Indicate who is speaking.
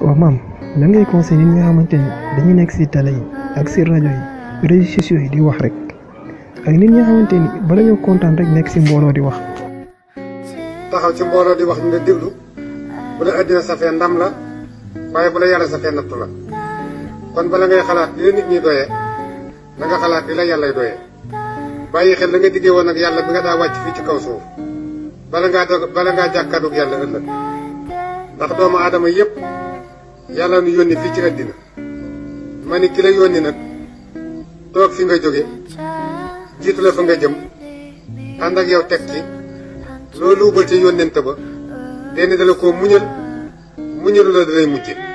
Speaker 1: waaw mam lan ngay conseil nit ñi nga xamante ni dañuy nekk si télé yi ak ci radio yi réseaux yi di wax rek ak nit ñi nga xamante ni bala ñoo rek nekk ci mbolo di wax.
Speaker 2: taxaw ci mbolo di wax nga la bu la adina sa fe ndam la waye bu la yalla sa fe nattu la kon bala ngay xalaat li nit ñi doye na nga xalaat li la yalla doye bàyyi xel la nga diggee won ak yalla bi nga da wacc fi ci kaw suuf bala ngaa bala nga jàkkaarloog yalla ëllëg ndax doomu aadama yépp yàlla nu yónni fii ci àddina ma ni ki la yónni nag toog fi nga jóge jiitu fa nga jëm ànd ak yow teg ci loolu luubal ca yónnent ba denn dala koo muñal muñalu la
Speaker 3: dalay mujje